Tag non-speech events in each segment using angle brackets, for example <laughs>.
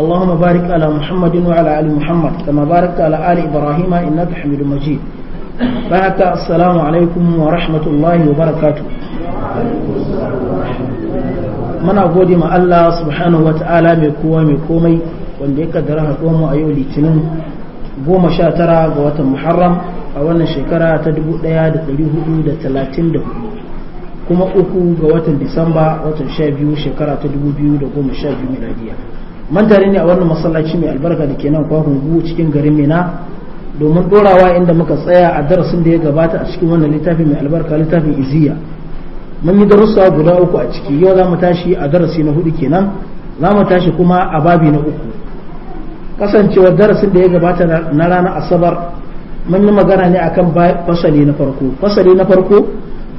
اللهم بارك على محمد وعلى آل محمد كما باركت على آل إبراهيم إنك حميد مجيد بارك السلام عليكم ورحمة الله وبركاته muna gode ma Allah subhanahu wata'ala mai kowa mai komai wanda ya kaddara haɗuwar mu a litinin goma sha tara ga watan muharram a wannan shekara ta 1434 kuma uku ga watan disamba watan sha shekara ta man ne a wannan masallaci mai albarka da ke nan kwakwan cikin garin mina domin dorawa inda muka tsaya a darasin da ya gabata a cikin wannan littafi mai albarka littafin iziya mun yi darussa guda uku a ciki yau za mu tashi a darasi na hudu kenan za mu tashi kuma a babi na uku kasancewar darasin da ya gabata na ranar asabar mun yi magana ne akan fasali na farko fasali na farko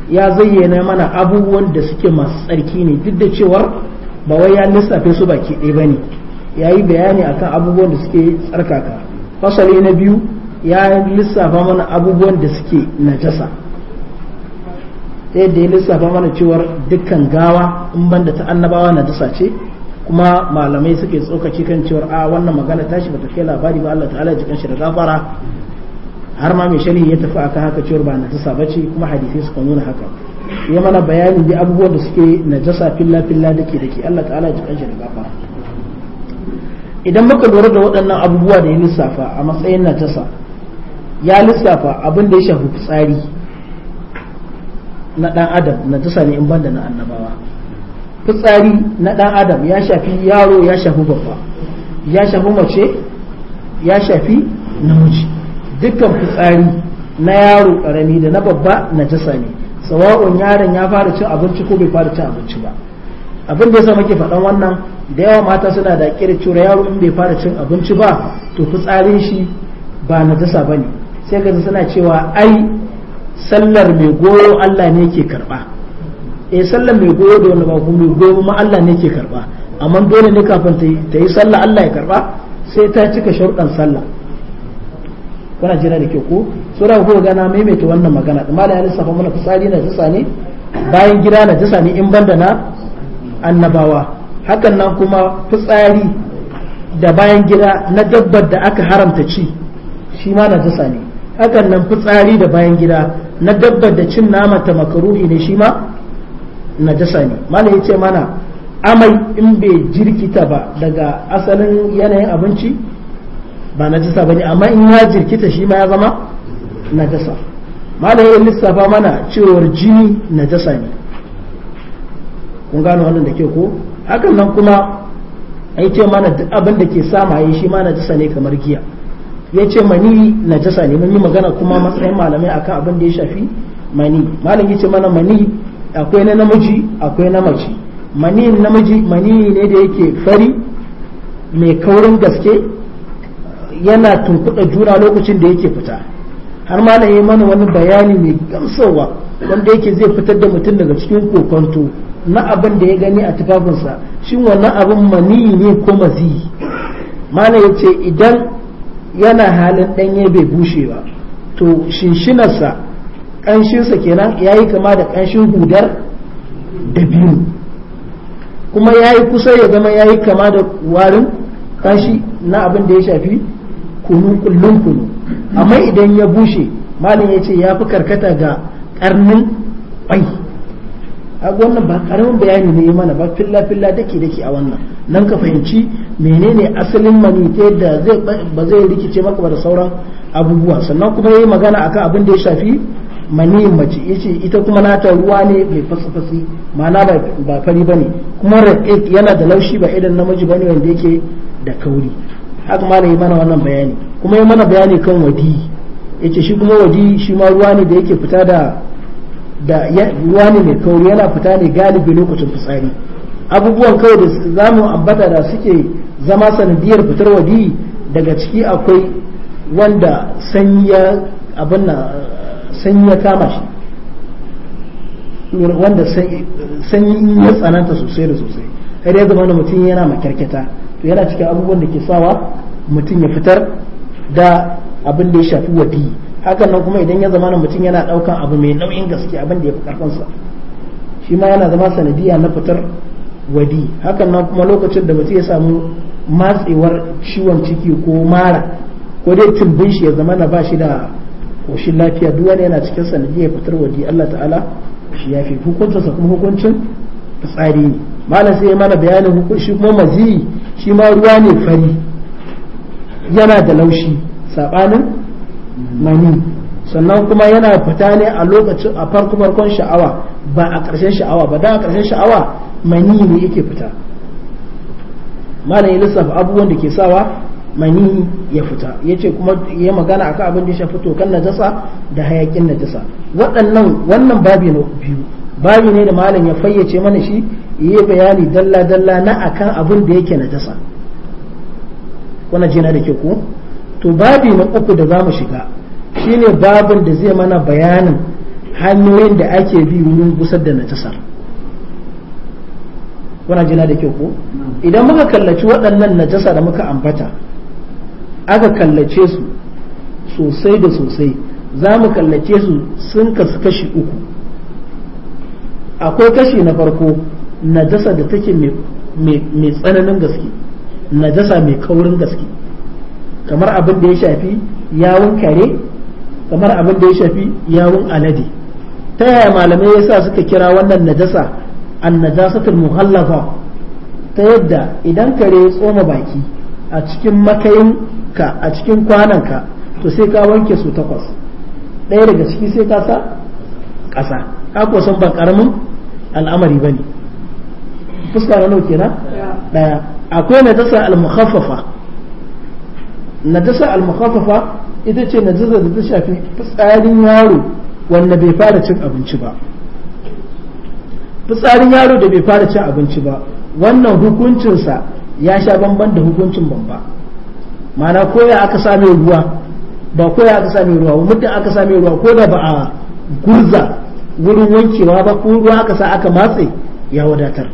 ya zayyana mana abubuwan da suke masu tsarki ne duk da cewar ba wai ya lissafe su ba baki ɗaya ba bane yi bayani akan abubuwan da suke tsarkaka fasali na biyu ya lissafa mana abubuwan da suke najasa ta yadda ya lissafa mana cewar dukkan gawa in banda ta annabawa najasa ce kuma malamai suke tsokaci kan cewar a wannan magana tashi bata kai labari ba Allah ta'ala jikan shi da gafara har ma mai sharhi ya tafi akan haka cewar ba najasa ce kuma hadisi suka nuna haka ya mana bayani da abubuwan da suke najasa filla filla dake dake Allah ta'ala ya kanshi da gafara idan muka lura da waɗannan abubuwa da ya lissafa a matsayin najasa ya lissafa abin da ya shafi fitsari na ɗan adam najasa ne in banda na annabawa fitsari na ɗan adam ya shafi yaro ya shafi babba ya shafi mace ya shafi namiji dukkan fitsari na yaro ƙarami da na babba najasa ne sawa'un yaron ya fara cin abinci ko bai fara cin abinci ba abin da yasa muke faɗan wannan da yawa mata suna da kira cewa yaro in bai fara cin abinci ba to fitsarin shi ba na dasa ba ne sai ka suna cewa ai sallar mai goyo Allah ne yake karba eh sallar mai goyo da wani ba mai goyo ma Allah ne ke karba amma dole ne kafin ta yi sallah Allah ya karɓa sai ta cika sharuɗan sallah kuna jira da ke ko sura ko gana maimaita wannan magana da da ya mana fitsari na jisa ne bayan gida na jisa ne in banda na annabawa hakan nan kuma fitsari da bayan gida na dabbar da aka haramta ci shi ma na jisa ne hakan nan fitsari da bayan gida na dabbar da cin naman ta makaruhi ne shi ma na jisa ne mala ya ce mana amai in bai jirkita ba daga asalin yanayin abinci ba na jisa ba ne amma in ya jirkita shi ma ya zama najasa malai ya lissafa mana cewar jini najasa ne kun gano wannan da ke ko hakan nan kuma ai ce mana duk abin da ke sa yi shi ma najasa ne kamar giya ya ce mani najasa ne mun yi magana kuma matsayin malamai akan abin da ya shafi mani malam ya ce mana mani akwai na namiji akwai na mace mani namiji mani ne da yake fari mai kaurin gaske yana tunkuɗa juna lokacin da yake fita har na ya mana wani bayani mai gamsarwa wanda yake zai fitar da mutum daga cikin kokonto na abin da ya gani a tufafinsa shin wannan abin mani ne ko mazi malam ya ce idan yana halin ɗanye bai bushe ba to shinshinarsa ƙanshinsa kenan ya yi kama da ƙanshin hudar biyu kuma ya yi kusa ya zama ya yi kama da warin ƙanshi na abin da ya shafi kunu kullum kunu amma idan ya bushe malam ya ce ya fi karkata ga karnin kwai wannan ba karamin bayani ne ya mana ba filla filla dake dake a wannan nan ka fahimci menene asalin manite da yadda ba zai rikice maka ba da sauran abubuwa sannan kuma ya yi magana akan abin da ya shafi mani mace yace ita kuma nata ruwa ne mai fasfasi ma'ana ba fari ba ne kuma yana da laushi ba idan namiji bane wanda yake da kauri haka malam yi mana wannan bayani kuma yi mana bayani kan wadi yace shi kuma wadi shi ma ruwa ne da yake fita da ruwa ne mai kauri yana fita ne galibi lokacin fitsari abubuwan kawai da zamu ambata da suke zama sanadiyar fitar wadi daga ciki akwai wanda sanyi ya abin kama shi wanda sanyi ya tsananta sosai da sosai har ya zama mutum yana makyarkyata to yana cikin abubuwan da ke sawa mutum ya fitar da abin da ya shafi wadi hakan nan kuma idan ya zama na mutum yana daukan abu mai nau'in gaske abin da ya fi karfansa shi ma yana zama sanadiya na fitar wadi hakan nan kuma lokacin da mutum ya samu matsewar ciwon ciki ko mara ko dai tumbin shi ya zama na ba shi da koshin lafiya duk wani yana cikin sanadiyar fitar wadi Allah ta'ala shi ya fi hukuncinsa kuma hukuncin fitsari ne malam sai ya mana bayanin hukunci kuma maziyi shi ma ruwa ne fari yana da laushi saɓanin mani sannan kuma yana fita ne a lokacin a farko farkon sha'awa ba a ƙarshen sha'awa ba da a ƙarshen sha'awa mani ne yake fita malam ya lissafa abubuwan da ke sawa mani ya fita ya ce kuma ya magana akan abin da ya shafi tokan najasa da hayakin najasa waɗannan wannan babi na biyu babi ne da malam ya fayyace mana shi yi bayani dalla dalla na akan abin da yake najasa kuna jina da ke ku? to babi na uku da za mu shiga shine babin da zai mana bayanin hanyoyin da ake bi wurin gusar da najasar kuna jina da ke ku? idan muka kallaci waɗannan najasa da muka ambata aka kallace su sosai da sosai za mu kallace su sun kasu kashi uku akwai kashi na farko najasa da take mai tsananin gaske najasa mai kaurin gaske kamar abin da ya shafi yawon kare kamar abin da ya shafi yawon alade ta yaya malamai ya sa suka kira wannan najasa an najasatul muhallafa ta yadda idan kare ya tsoma baki a cikin makayin ka a cikin kwanan ka to sai ka wanke su takwas ɗaya daga ciki sai ka sa ƙasa ka san ba ƙaramin al'amari ba ne fuska na nauke na ɗaya akwai najasa al-mukhaffafa najasa al-mukhaffafa ita ce na najasa da ta shafi fitsarin yaro wanda bai fara cin abinci ba fitsarin yaro da bai fara cin abinci ba wannan hukuncinsa ya sha bamban da hukuncin bamba mana koya aka same ruwa ba koya aka same ruwa ba muddin aka same ruwa ko da ba a gurza wurin wankewa ba ko ruwa aka sa aka matse ya wadatar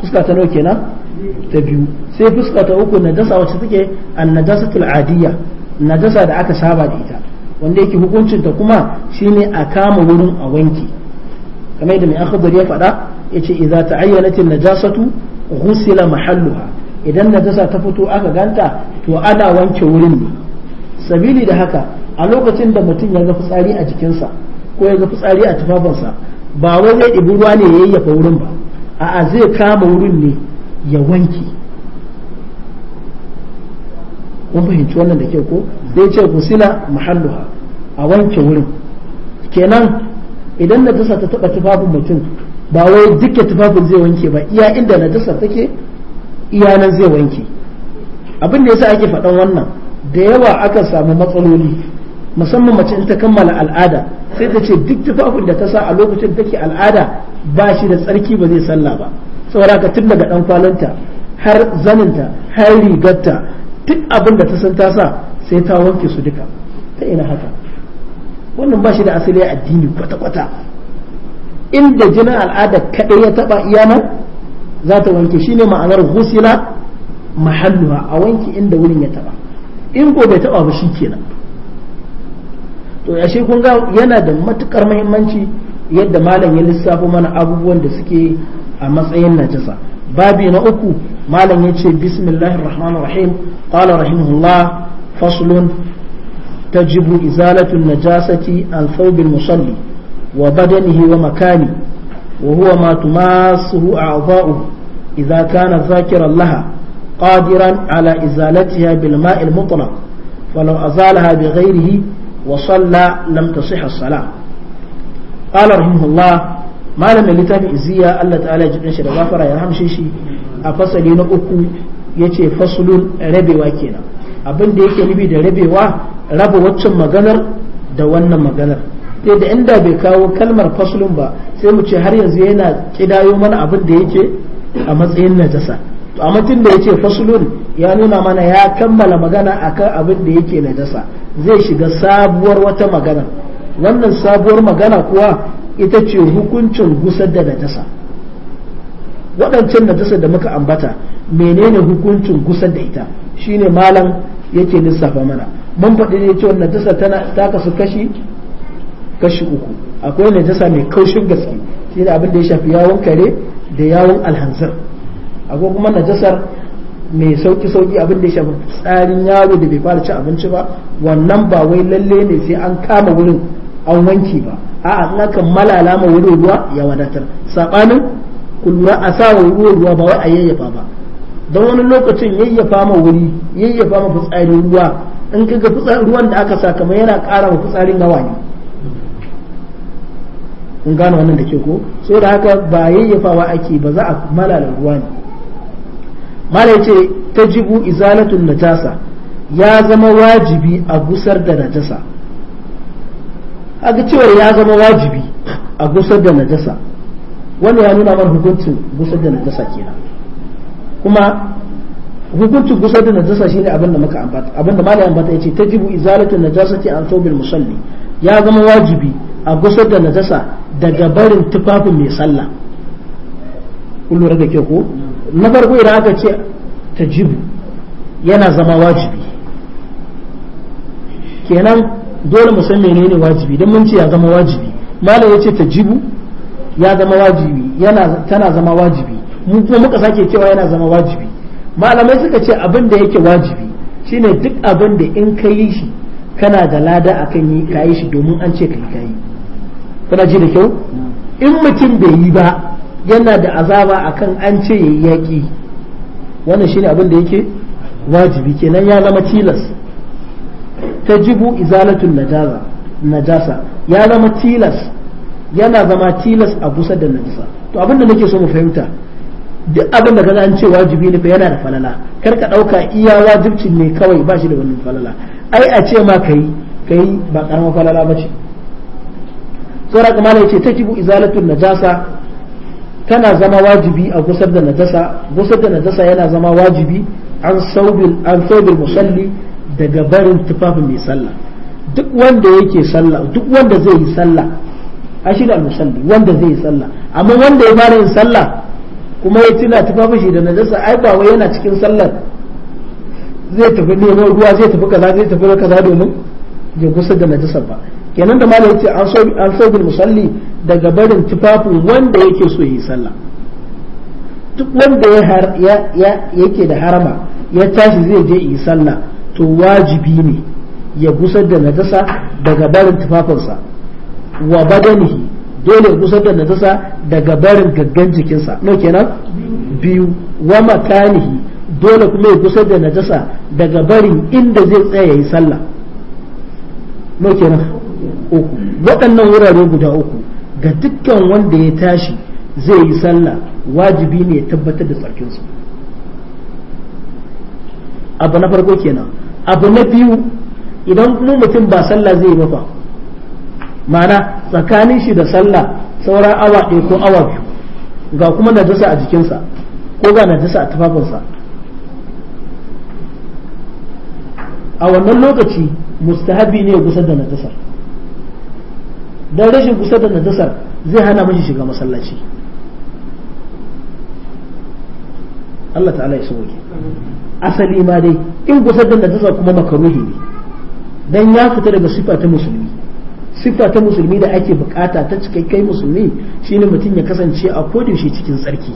fuska ta nawa kenan ta biyu sai fuska ta uku dasa wacce take annajasatul na dasa da aka saba da ita wanda yake hukuncin ta kuma shine a kama wurin a wanki kamar yadda mai akhbar ya faɗa yace idza ta'ayyanat najasatu ghusila mahalluha idan najasa ta fito aka ganta to ana wanke wurin ne sabili da haka a lokacin da mutum ya ga fitsari a jikinsa ko ya ga fitsari a tufafinsa ba wai zai ɗibi ruwa ne ya yayyafa wurin ba a'a zai kama wurin ne ya wanke kun fahimci wannan da ke ko zai ce gusila mahalluha a wanke wurin kenan idan na dasa ta taba tufafin mutum ba wai duka tufafin zai wanke ba iya inda na najasa take iya nan zai wanke abin da yasa ake faɗan wannan da yawa aka samu matsaloli musamman mace in ta kammala al'ada sai ta ce duk tufafin da ta sa a lokacin take al'ada ba shi da tsarki ba zai sallah ba saboda ka tun daga dan kwalanta har zaninta har rigarta duk abin da ta san ta sa sai ta wanke su duka ta ina haka wannan ba shi da asali addini kwata-kwata inda jina al'ada kaɗai ya taɓa iyana za ta wanke shine ma'anar husila mahalluha a wanke inda wurin ya taba in ko bai taɓa ba shi kenan to yashe kun ga yana da matukar muhimmanci yadda malam ya lissafo mana abubuwan da suke a matsayin najasa babi na uku malam ya ce bismillahirrahmanirrahim qala rahimahullah faslun tajibu izalatu najasati al thawb al musalli wa badanihi wa makani wa huwa ma tumasuhu a'dha'u idha kana zakira Allah qadiran ala izalatiha bil ma'il mutlaq falau azalaha bighayrihi wa salla lam tasihha as-salah qala rahimahullah malamin littafin iziya Allah ta'ala ya jikin shi da gafara shi a fasali na uku yace faslun rabewa kenan abin da yake nubi da rabewa raba waccan maganar da wannan maganar sai da in da bai kawo kalmar faslun ba sai mu ce har yanzu yana kidayo mana abin da yake a matsayin najasa to amma tun da ce faslun ya nuna mana ya kammala magana akan abin da yake najasa zai shiga sabuwar wata maganar. wannan sabuwar magana kuwa ita ce hukuncin gusar da najasa waɗancan najasa da muka ambata menene hukuncin gusar da ita shine malam yake lissafa mana mun faɗi ne cewa najasa tana ta kasu kashi kashi uku akwai najasa mai kaushin gaske shi da abin da ya shafi yawon kare da yawon alhanzar akwai kuma najasar mai sauki sauki abin da ya shafi tsarin yaro da bai fara cin abinci ba wannan ba wai lalle ne sai an kama wurin an wanki ba a'a ina aka malala ma wuri ruwa ya wadatar sabanin kullura a sa wa wuri ruwa ba wai a yayyafa ba don wani lokacin yayyafa ma wuri yayyafa ma fitsarin ruwa in kaga fitsarin ruwan da aka sa kamar yana ƙara ma fitsarin gawa ne kun gane wannan da ke ko so da haka ba yayyafawa ake ba za a malala ruwa ne mala yace tajibu izalatul najasa ya zama wajibi a gusar da najasa kaga cewar ya zama wajibi a gusar da najasa wanda ya nuna mana hukuncin gusar da najasa kenan kuma hukuncin gusar da najasa shine abin da muka ambata abin da malamin ambata ya ce ta jibu izalatu najasati an thawbil musalli ya zama wajibi a gusar da najasa daga barin tufafin mai sallah kun lura da ke ko na farko idan aka ce ta jibu yana zama wajibi kenan dole mu san menene wajibi dan mun ce ya zama wajibi malam yace jibu ya zama wajibi yana tana zama wajibi mu kuma muka sake cewa yana zama wajibi malamai suka ce abin da yake wajibi shine duk abin da in ka yi shi kana da lada akan yi ka shi domin an ce ka yi ka yi kuna ji da kyau in mutum bai yi ba yana da azaba akan an ce ya yi yaƙi wannan shine abin da yake wajibi kenan ya zama tilas tajibu izalatul najasa najasa ya zama tilas yana zama tilas a gusar da najasa to abin da nake so mu fahimta duk abin da kaga an ce wajibi ne fa yana da falala kar ka dauka iya wajibcin ne kawai ba shi da wannan falala ai a ce ma kai kai ba karamar falala ba ce saura kuma ne ce tajibu izalatul najasa tana zama wajibi a gusar da najasa gusar da najasa yana zama wajibi an saubil an saubil musalli daga barin tufafin mai sallah duk wanda yake sallah duk wanda zai yi sallah a shi da musalli wanda zai yi sallah amma wanda ya fara yin sallah kuma ya tuna tufafin shi da najasa ai ba wai yana cikin sallar zai tafi neman ruwa zai tafi kaza zai tafi kaza domin ya kusa da najasa ba kenan da malam yace an so an so bil musalli daga barin tufafin wanda yake so yi sallah duk wanda ya yake da harama ya tashi zai je yi sallah to wajibi ne ya gusar da najasa daga barin tufafinsa wa badanihi dole ya gusar da najasa daga barin gaggan jikinsa no kenan biyu wa makanihi dole kuma ya gusar da najasa daga barin inda zai tsaya yi sallah no kenan uku waɗannan wurare guda uku ga dukkan wanda ya tashi zai yi sallah wajibi ne ya tabbatar da tsarkinsu abu na farko kenan abu na biyu idan mu mutum ba sallah zai yi ba ma'ana tsakanin shi da sallah sauran awa ɗaya ko awa biyu ga kuma najasa a jikinsa ko ga najasa a tufafinsa a wannan lokaci mustahabi ne kusa da najasar don rashin kusa da najasar zai hana mashi shiga masallaci Allah ta'ala ya sauke. asali ma dai in gusar da najasa kuma makamuhi ne dan ya fita daga sifa ta musulmi sifa ta musulmi da ake bukata ta cikakkai musulmi shine mutum ya kasance a kodayaushe cikin tsarki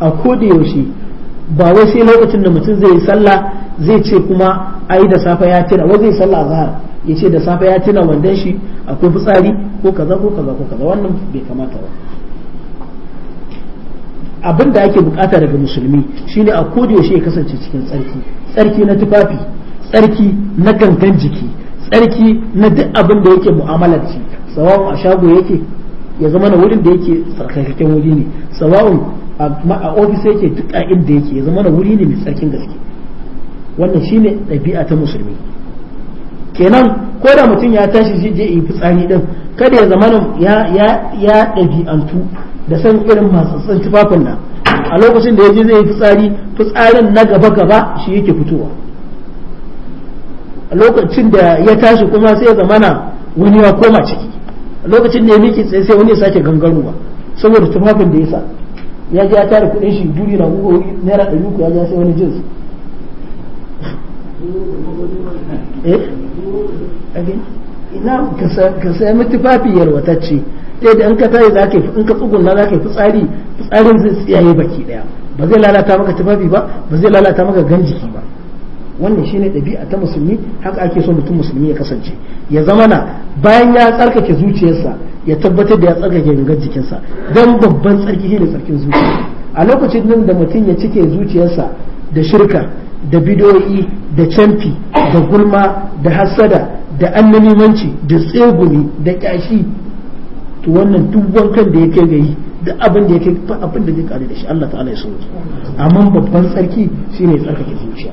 a yaushe ba wai sai lokacin da mutum zai yi sallah zai ce kuma ai da safe ya tina wai zai sallah zahar ya ce da safe ya tina wandan shi akwai fitsari ko kaza ko kaza ko kaza wannan bai kamata ba abin da ake bukata daga musulmi shine a koda yaushe ya kasance cikin tsarki tsarki na tufafi tsarki na gangan jiki tsarki na duk abin da yake mu'amalarci sawa'un a shago yake ya zama na wurin da yake tsarkakakken wuri ne sawa'un a ofis yake duk a inda yake ya zama na wuri ne mai tsarkin gaske wannan shine ɗabi'a ta musulmi kenan ko da mutum ya tashi je ya yi fitsari din kada ya zama ya ɗabi'antu da san irin masu san tufafin nan a lokacin da yaje zai yi fitsari fitsarin na gaba gaba shi yake fitowa a lokacin da ya tashi kuma sai ya zamana wani ya koma ciki a lokacin da ya miki tsaye sai wani ya sake gangarowa saboda tufafin da ya sa ya ji ya tare kuɗin shi duri na uku naira ɗari uku ya ji sai wani jins eh ina ka sai mutufafi yalwatacce ta da in ka tare za ka yi in ka tsugunna za ka yi fitsari fitsarin zai tsiyaye baki ɗaya ba zai lalata maka tufafi ba ba zai lalata maka gan jiki ba wannan shine ɗabi'a ta musulmi haka ake so mutum musulmi ya kasance ya zamana bayan ya tsarkake zuciyarsa ya tabbatar da ya tsarkake gangar jikinsa don babban tsarki shine tsarkin zuciya a lokacin nan da mutum ya cike zuciyarsa da shirka da bidoyi da canfi da gulma da hassada da annamimanci da tsegumi da kyashi to wannan duk wankan da yake ga yi duk abin da yake fa abin da zai da shi Allah ta'ala ya so amma babban tsarki shine tsarkake zuciya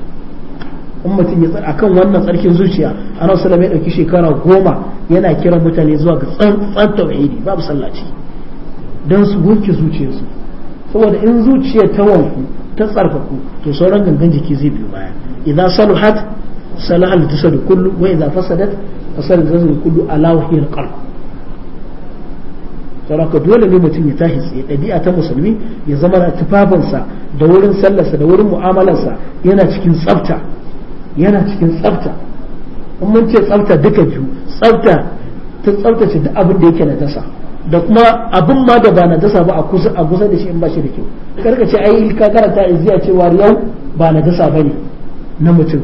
in mutum ya tsar akan wannan tsarkin zuciya ana sallama ya dauki shekara goma yana kiran mutane zuwa ga tsantsan tauhidi babu sallaci dan su goke zuciyarsu saboda in zuciya ta wanku ta tsarkaku to sauran gangan jiki zai biyo baya idan saluhat salaha al kullu wa idan fasadat fasada al-jasad kullu ala wahiyal qalb saboda dole ne mutum ya tashi tsaye ɗabi'a ta musulmi ya zama da tufafinsa da wurin sallarsa da wurin mu'amalarsa yana cikin tsafta yana cikin tsafta in mun ce tsafta duka biyu tsafta ta tsaftace duk abin da yake na dasa da kuma abin ma da ba na dasa ba a kusa a kusa da shi in ba shi da kyau karka ce ai ka karanta izziya cewa yau ba na dasa bane na mutum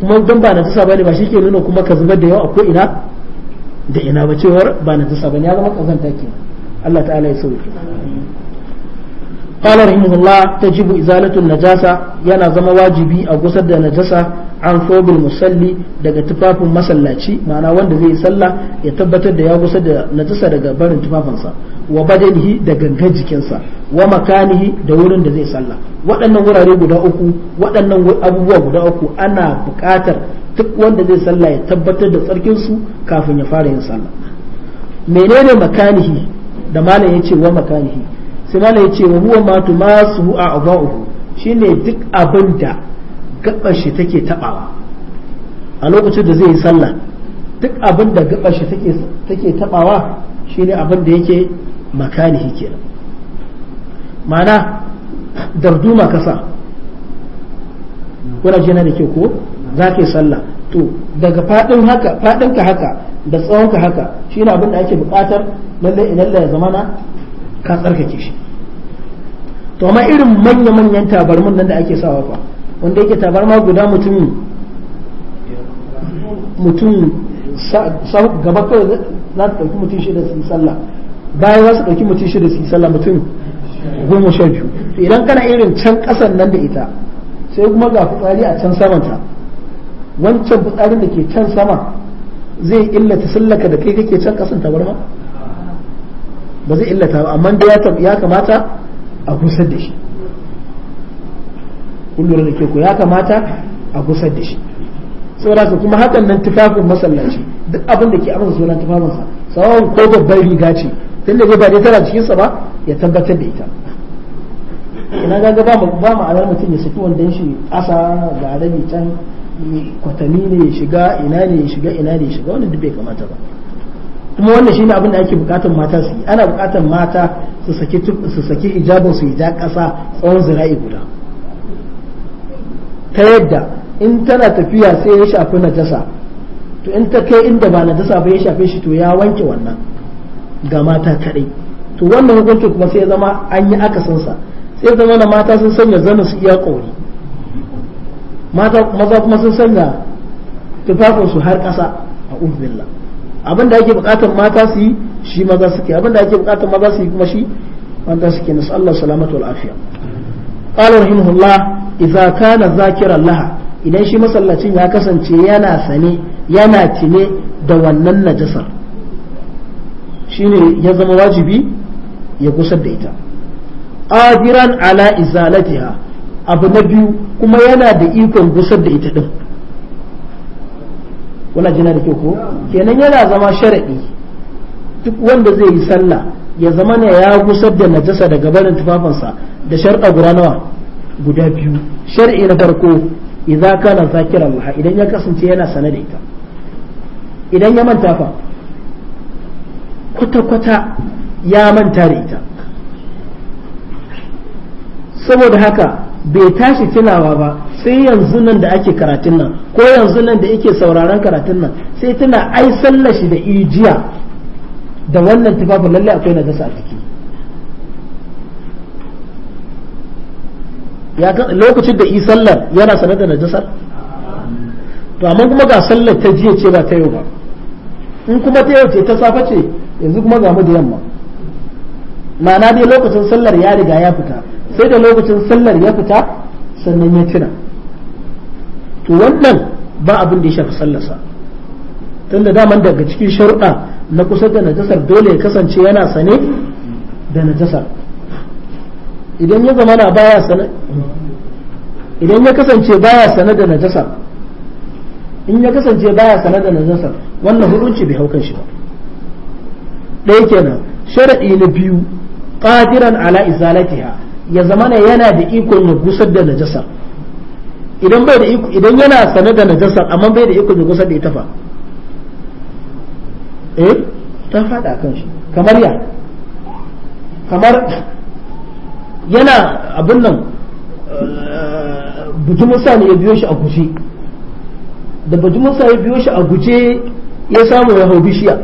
kuma don ba na dasa bane ba shi ke nuna kuma ka zubar da yau a ko ina da ina ba cewar ba na dasa bane ya zama kazanta kenan Allah ta'ala ya sauke قال رحمه ta jibu izalatun najasa yana zama wajibi a gusar da najasa an sobil musalli daga tufafin masallaci ma'ana wanda zai sallah ya tabbatar da ya gusar da najasa daga barin tufafinsa wa badanihi da gangan jikinsa wa makanihi da wurin da zai sallah waɗannan wurare guda uku waɗannan abubuwa guda uku ana buƙatar duk wanda zai sallah ya tabbatar da tsarkinsu kafin ya fara yin sallah menene makanihi da malam ce wa makanihi sai malam ya ce wa huwa ma tumasu a'dha'uhu shine duk abin da gabar shi take tabawa a lokacin da zai yi sallah duk abin da gabar shi take take tabawa shine abin da yake makanihi kenan ma'ana darduma kasa kuna jina da ke ko za ka yi sallah to daga fadin haka fadin ka haka da tsawon ka haka shi ne abin da ake bukatar lalle lalle ya zamana ka tsarkake shi to amma irin manya manyan tabarmun nan da ake sawa fa wanda yake tabarma guda mutum mutum gaba kawai za su ɗauki mutum shida su sallah bayan za su ɗauki mutum shida su sallah mutum goma sha biyu to idan kana irin can ƙasan nan da ita sai kuma ga fitsari a can samanta wancan fitsarin da ke can sama zai illata sallaka da kai kake can kasan tabarma ba zai illata ba amma da ya kamata a kusar da shi kullum da ke ku ya kamata a kusar da shi saboda kuma hakan nan tufafin masallaci duk abin da ke amsa sunan tufafinsa sawan ko babbar riga ce tun da ba dai tana cikinsa ba ya tabbatar da ita ina ga ba mu ba mu mutum ya saki wanda shi ƙasa ga arabi can kwatami ne ya shiga ina ne ya shiga ina ne ya shiga wannan duk bai kamata ba kuma wannan shine abin da ake bukatar mata su yi ana bukatar mata su saki su saki ja kasa tsawon zira'i guda ta yadda in tana tafiya sai ya shafi najasa to in ta kai inda ba najasa ba ya shafi shi to ya wanke wannan ga mata kadai to wannan hukuncin kuma sai ya zama an yi akasinsa sai zama na mata sun sanya zanin su iya kauri maza kuma sun sanya tufafinsu har ƙasa a ubillah abin da ake bukatar mata su yi shi maza suke abin da ake bukatar maza su yi kuma shi wanda suke nasu Allah salamatu wal afiya qala rahimahullah idza kana zakiran laha idan shi masallacin ya kasance yana sane yana tine da wannan najasar shine ya zama wajibi ya gusar da ita qadiran ala izalatiha abu na biyu kuma yana da ikon gusar da ita din wala jina da ko kenan yana zama sharadi duk wanda zai yi sallah ya zama ne ya gusar da najasa daga barin tufafinsa da sharɗa guda nawa guda biyu shar'i na farko idza kana zakiran Allah idan ya kasance yana sane da ita idan ya manta fa kwata kwata ya manta da ita saboda haka bai tashi tunawa ba sai yanzu nan da ake karatun nan ko yanzu nan da yake sauraron karatun nan sai tana ai sallar shi da ijiya da wannan tufafin lallai akwai na dasa a ciki lokacin da yi sallar yana sanar da najasar to amma kuma ga sallar ta jiya ce ba ta yau ba in kuma ta yau ce ta safa ce yanzu kuma ga mu da yamma ma'ana dai lokacin sallar ya riga ya fita sai da lokacin sallar ya fita sannan ya cina to wannan ba abin da ya shafi sallarsa tun da daman daga cikin sharuɗa na kusa da najasar dole ya kasance yana sane da najasar idan ya zama na baya sane idan ya kasance baya sane da najasar in ya kasance baya sane da najasar wannan hukunci bai haukan shi ba ɗaya kenan sharaɗi na biyu qadiran ala izalatiha ya zama ne yana da ikon ya gusar da najasar idan bai da iko idan yana sane da najasar amma bai da ikon ya gusar da ita fa eh ta fada kan shi kamar ya kamar yana abin nan eh, bujumin musa ne ya biyo shi a guje da bujumin musa ya biyo shi a guje ya samu ya hau bishiya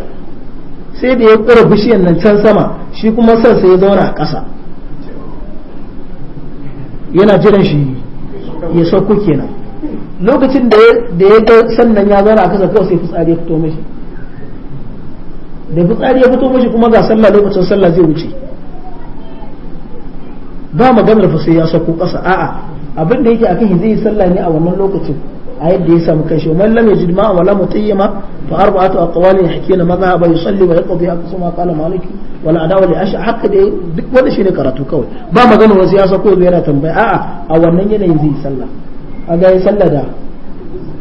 sai da ya kura bishiyan nan can sama shi kuma sansa ya zauna a ƙasa yana jiran shi ya sauko kenan lokacin da ya ga sannan ya zauna a kasa kawai sai fitsari ya fito mashi da fitsari ya fito mashi kuma ga sallah lokacin sallah zai wuce ba maganar fa sai ya sauko kasa a'a abin da yake akan zai yi sallah ne a wannan lokacin a yadda ya samu kashe wa mallam ya jidma wala mutayyima fa arba'atu aqwalin hakina madhhab wa yusalli wa yaqdi aqsama qala maliki wala adawa li asha haka dai duk wanda shine karatu kawai ba magana wasu ya sako yana tambaya a'a a wannan yanayin zai sallah kaga ya sallah da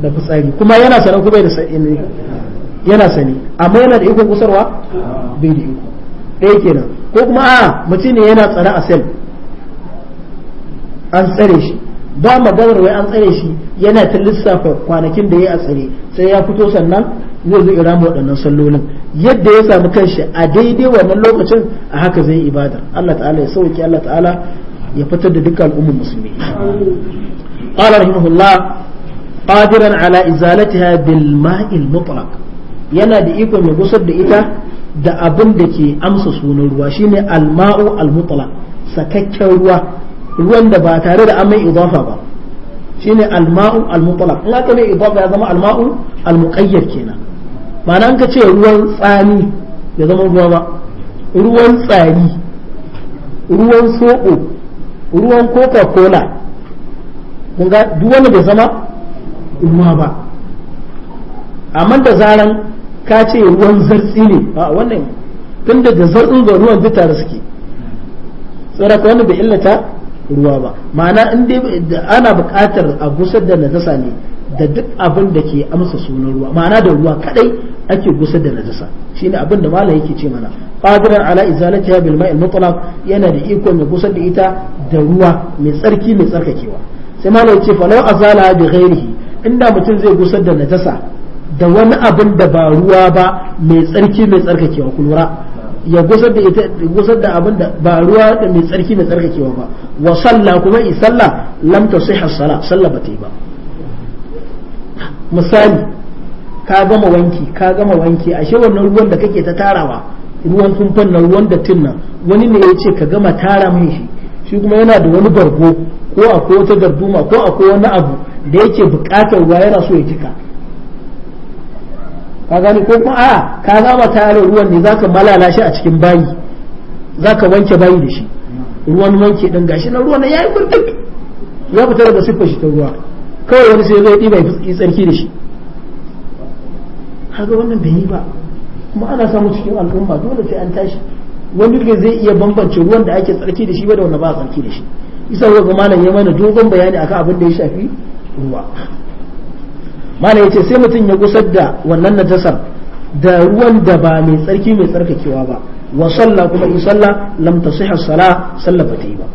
da fitsari kuma yana sanin kuma da sani yana sani amma yana da ikon kusarwa bai da iko ɗaya kenan ko kuma a mutum ne yana tsare a sel an tsare shi ba maganar wai an tsare shi yana ta lissafa kwanakin da ya a tsare sai ya fito sannan zai zo ira mu waɗannan sallolin yadda ya samu kanshi a daidai wannan lokacin a haka zai ibada Allah ta'ala ya sauke Allah ta'ala ya fitar da dukkan al'ummar musulmi qala rahimahullah qadiran ala izalatiha bil ma'il mutlaq yana da ikon ya gusar da ita da abin da ke amsa sunan ruwa shine al ma'u al mutlaq sakakken ruwa ruwan da ba tare da an mai idafa ba shine alma'u almutlaq in aka mai idafa ya zama alma'u almuqayyad kenan ma'ana an ka ce ruwan tsani ya zama ruwa ba ruwan tsani ruwan soɓo ruwan coca cola kun ga duk wanda bai zama ruwa ba amma da zaran ka ce ruwan zartsi ne a wannan tun da zartsin ga ruwan duk tare suke tsara ka wanda bai illata ruwa ba ma'ana in ana buƙatar a gusar da najasa ne da duk abin da ke amsa sunan ruwa ma'ana da ruwa kadai ake gusar da najasa shine abin da malam yake ce mana qadiran ala izalatiha bil ma'il mutlaq yana da iko mai gusar da ita da ruwa mai tsarki mai tsarkakewa sai malam yace fa law azala bi ghairihi inda mutum zai gusar da najasa da wani abin da ba ruwa ba mai tsarki mai tsarkakewa ku lura ya gusar da ita gusar da abin da ba ruwa da mai tsarki mai tsarkakewa ba wa salla kuma in salla lam sai sala salla ba ta yi ba misali ka gama wanki ka gama wanki ashe wannan ruwan da kake ta tarawa ruwan kumfan na ruwan dattin nan wani ne ya ce ka gama tara mai shi shi kuma yana da wani bargo ko akwai wata darduma ko akwai wani abu da yake buƙatar ruwa yana so ya jika ka gani ko kuma a ka zama tare ruwan ne zaka malala shi a cikin bayi zaka wanke bayi da shi ruwan wanke din gashi na ruwan yayi burtuk ya fitar da siffar shi ta ruwa kawai wani sai zai diba yi tsarki da shi kaga wannan bai yi ba kuma ana samu cikin al'umma dole sai an tashi wani da zai iya bambance ruwan da ake tsarki da shi ba da wanda ba a tsarki da shi isa ga malam ya mana dogon bayani akan abin da ya shafi ruwa mana yace sai mutum ya gusar da wannan najasar da ruwan da ba mai tsarki mai tsarkakewa ba wa sallah kuma in sallah lam tasihha sala sallah ba ta yi ba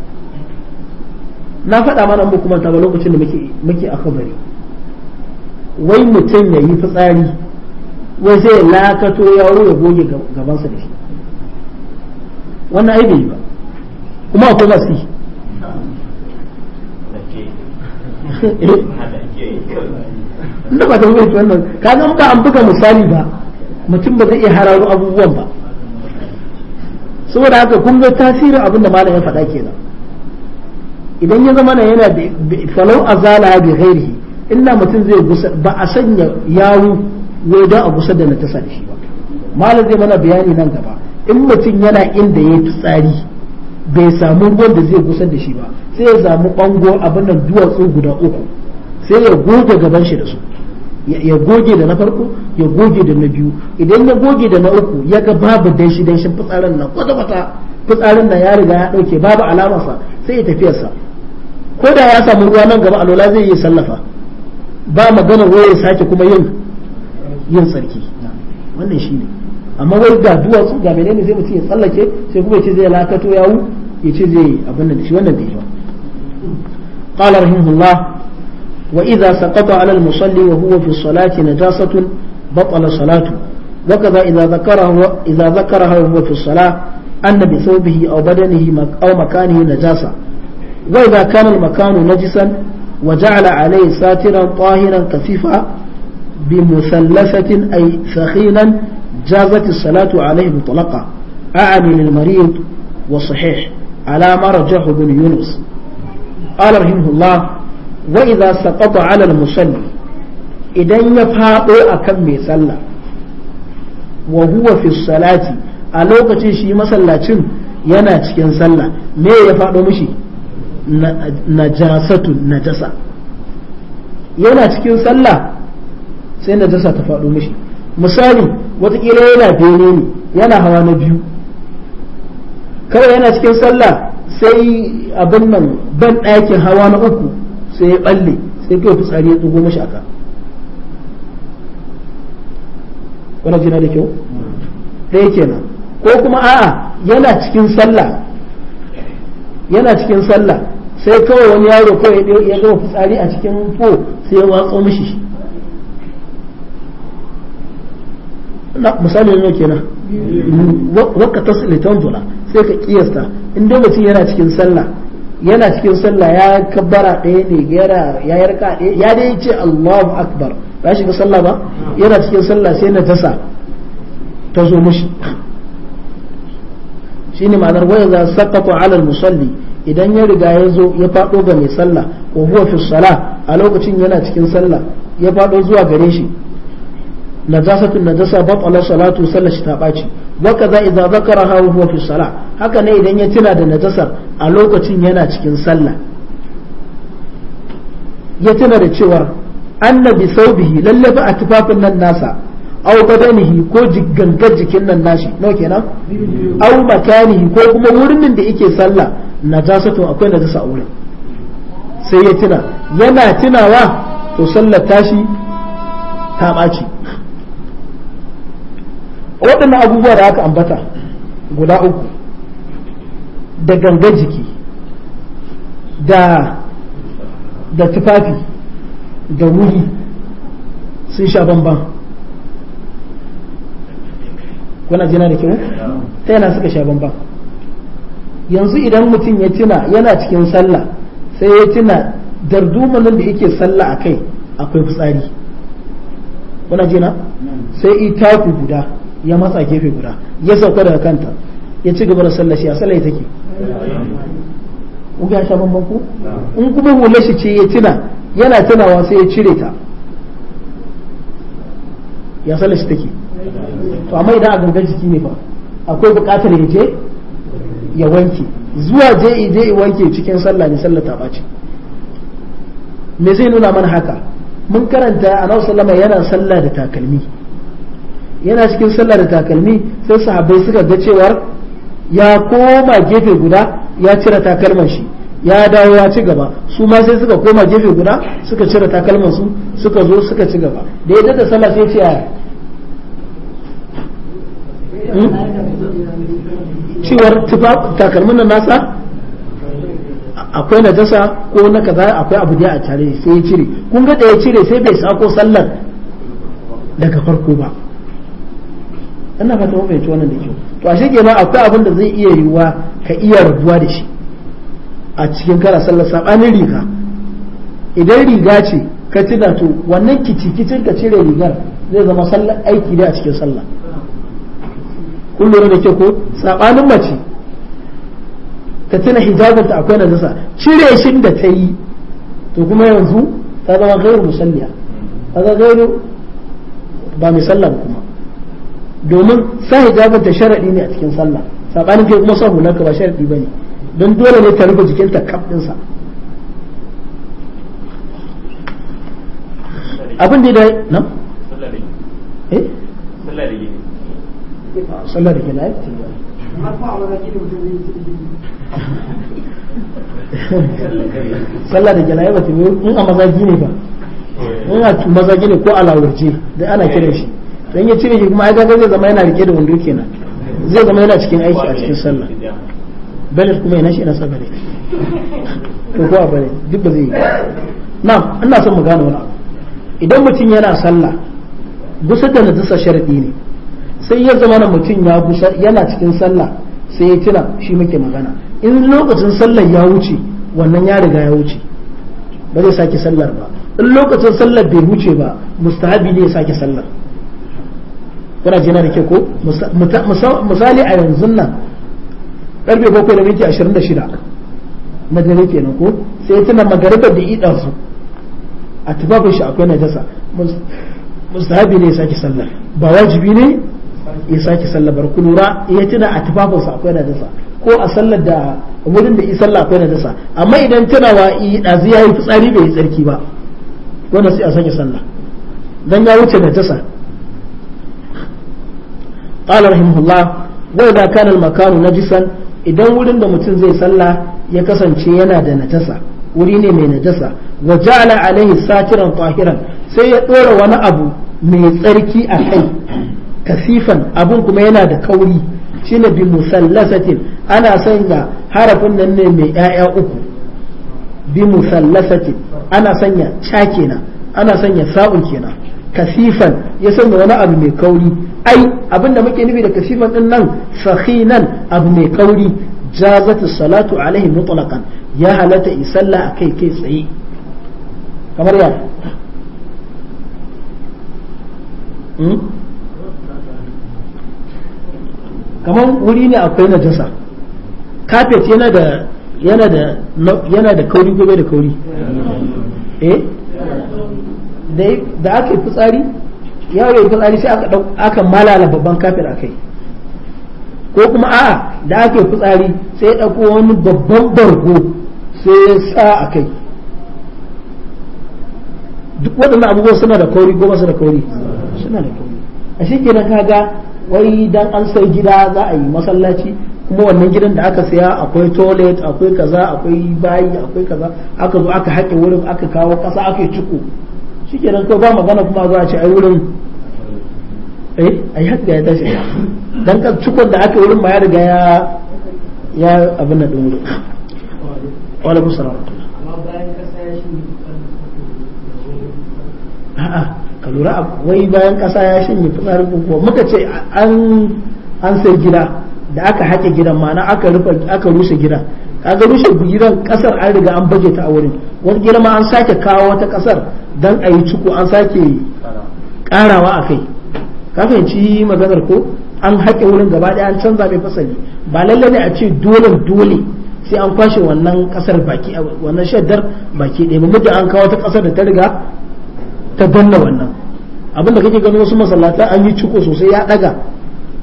na faɗa mana mu kuma ta ba lokacin da muke muke a kabari wai mutum ya yi fitsari wai zai lakato yaro ya goge gabansa da shi wannan ai bai ba kuma akwai masu yi <laughs> da ba ta wannan ka ga ba an buga misali ba mutum ba zai iya hararo abubuwan ba saboda haka kun ga tasirin abin da malam ya faɗa kenan idan ya zama yana da falau azala bi ghairihi illa mutum zai gusa ba a sanya yawo wai don a gusa da na tasa da shi ba malam zai mana bayani nan gaba in mutum yana inda ya tsari bai samu ruwan da zai gusa da shi ba sai ya samu bango abin nan duwatsu guda uku sai ya goge gaban shi da su ya goge da na farko ya goge da na biyu idan ya goge da na uku ya ga babu danshi danshin fitsarin nan kwata kwata fitsarin nan ya riga ya dauke babu alamarsa sai ya tafiyarsa ko da ya samu ruwa nan gaba alola zai iya sallafa ba magana wai ya sake kuma yin yin tsarki wannan shine amma wai ga duwatsu ga menene zai mutum ya tsallake sai kuma ya ce zai lakato yawu ya ce zai abin nan shi wannan bai ba قال وإذا سقط على المصلي وهو في الصلاة نجاسة بطل صلاته وكذا إذا ذكرها إذا ذكرها وهو في الصلاة أن بثوبه أو بدنه أو مكانه نجاسة وإذا كان المكان نجسا وجعل عليه ساترا طاهرا كثيفا بمثلثة أي ثخينا جازت الصلاة عليه مطلقة أعني للمريض وصحيح على ما رجعه بن يونس قال رحمه الله wa idza saqata 'ala al-musalli idan ya fado akan mai sallah wa huwa fi salati a lokacin shi masallacin yana cikin sallah me ya fado mishi najasatu najasa yana cikin sallah sai najasa ta fado mishi misali watakila yana bene ne yana hawa na biyu kawai yana cikin sallah sai abin nan ban ɗakin hawa na uku sai ya balle sai kai fitsari ya tsugo mashi aka wani jina da kyau ɗaya kenan ko kuma a'a yana cikin sallah yana cikin sallah sai kawai wani yaro ko ya gama fitsari a cikin po sai ya watso mashi na misali ne kenan wakka tasli tanzula sai ka kiyasta inda mutum yana cikin sallah yana cikin sallah ya kabbara ɗaya ne gera ya yarka ɗaya ya dai ce Allahu akbar ba shiga sallah ba yana cikin sallah sai na tasa ta zo mushi shine ma'anar waya za saqata ala musalli idan ya riga ya zo ya fado ga mai sallah ko huwa fi a lokacin yana cikin sallah ya fado zuwa gare shi najasatun najasa batala salatu sallah shi ta ɓaci wakaza idan zakara hawa huwa fi sala haka ne idan ya tuna da najasar a lokacin yana cikin sallah ya tuna da cewar annabi saubihi lalle ba a tufafin nan nasa au badanihi ko gangar jikin nan nashi no kenan au makanihi ko kuma wurin da yake sallah najasa to akwai najasa wurin sai ya tuna yana tunawa to sallar tashi ta ɓaci waɗannan abubuwa da aka ambata guda uku da gangan jiki da da tufafi da wuri sun sha bamban kuna jina da kyau ta yana suka sha bamban yanzu idan mutum ya tuna yana cikin sallah sai ya tuna dardumanin da yake sallah a kai akwai fitsari kuna jina sai ku guda ya matsa gefe guda ya sauka daga kanta ya ci gaba da sallar shi a sallar take uga sha bamban ku in kuma hular shi ce ya tuna yana tunawa sai ya cire ta ya sallar shi take to amma idan a gangan jiki ne fa akwai bukatar ya je ya wanke zuwa je je ya wanke cikin sallah ne sallar ta ce. me zai nuna mana haka mun karanta a sallama yana sallah da takalmi yana cikin sallah da takalmi sai sahabbai suka ga cewa ya koma gefe guda ya cire takalman shi ya dawo ya ci gaba su ma sai suka koma gefe guda suka cire takalman su suka zo suka ci gaba da ya da sallah sai ce yaya hmm? cewar takalmin nan nasa akwai najasa ko na kaza akwai abu da a tare sai ya cire kun ga da ya cire sai bai sako sallar daga farko ba ina fata mun fahimci wannan da kyau to ashe kenan akwai abin da zai iya yiwuwa ka iya rabuwa da shi a cikin kana sallar sabanin riga idan riga ce ka tuna to wannan kicikicin ka cire rigar zai zama sallar aiki ne a cikin sallar kun lura da kyau ko sabanin mace ka tuna ta akwai najasa cire shin da ta yi to kuma yanzu ta zama gairu musalliya ta zama gairu ba mai sallar. ku domin sa hijabin ta sharadi ne a cikin sallah sabanin kai kuma sa hulanka ba sharadi bane don dole ne ta rufe jikinta kaf ɗinsa abin da dai nan sallah da gini eh? sallah da sallah da a ne ba eh. a ne ko a lawurce da ana kiran shi dan ya cire shi kuma ai kaga zai zama yana rike da wando kenan zai zama yana cikin aiki a cikin sallah balet kuma yana shi yana sa balet to ko balet duk ba zai yi na ina son mu gane wani idan mutum yana sallah gusa da najasa sharadi ne sai ya zama na mutum ya gusa yana cikin sallah sai ya tuna shi muke magana in lokacin sallar ya wuce wannan ya riga ya wuce ba zai sake sallar ba in lokacin sallar bai wuce ba mustahabi ne ya sake sallar kuna jina da ke ko misali a yanzu nan karfe bakwai da minti ashirin da shida na dare kenan ko sai tuna magaribar da idan su a tufafin shi akwai najasa mustahabi ne ya sake sallar ba wajibi ne ya sake sallar bar ku lura ya tuna a tufafin sa akwai najasa ko a sallar da wurin da sallah akwai najasa amma idan tunawa ɗazu ya yi fitsari bai yi tsarki ba wanda sai a sake sallar dan ya wuce najasa qala rahimahullah wa idza kana na makanu najisan idan wurin da mutum zai sallah ya kasance yana da najasa wuri ne mai najasa wa ja'ala alaihi satiran tahiran sai ya dora wani abu mai tsarki a kai kasifan abun kuma yana da kauri shine bi musallasatin ana sanya harafin nan ne mai ƴaƴa uku bi musallasatin ana sanya ca kenan ana sanya sa'un kenan kasifan ya sanya wani abu mai kauri ai abinda muke nufi da kasifan din nan sakhinan abu mai kauri jazatu salatu alaihi mutlaqan ya halatta in sallah akai kai tsaye kamar ya hmm? kamar wuri ne akwai najasa kafet yana da yana da yana da kauri gobe da kauri eh da aka yi fitsari ya yi fitsari sai aka aka malala babban kafir akai ko kuma a'a da aka yi fitsari sai ya dauko wani babban bargo sai ya sa akai duk waɗannan abubuwa suna da kauri goma suna da kauri suna da kauri a shi kenan kaga wai dan an sai gida za a yi masallaci kuma wannan gidan da aka saya akwai toilet akwai kaza akwai bayi akwai kaza aka zo aka haƙe wurin aka kawo ƙasa aka yi ciko shi kenan ko ba magana kuma zuwa ce ai wurin eh ai haka ya tashi dan kan cikon da aka wurin ma ya riga ya ya abin nan din wurin wa alaikum salam a'a ka lura wai bayan kasa ya shanye fitsarin kuma muka ce an an sai gida da aka haƙe gidan ma'ana aka rufe aka rushe gidan kaga rushe gidan kasar an riga an baje ta a wurin wani girma an sake kawo wata kasar dan a yi ciko an sake karawa a kai kafin fahimci maganar ko an haƙe wurin gaba ɗaya an canza mai fasali ba lalle ne a ce dole dole sai an kwashe wannan kasar baki wannan shaddar baki ɗaya an kawo ta kasar da ta riga ta danna wannan abin da kake gani wasu masallata an yi ciko sosai ya ɗaga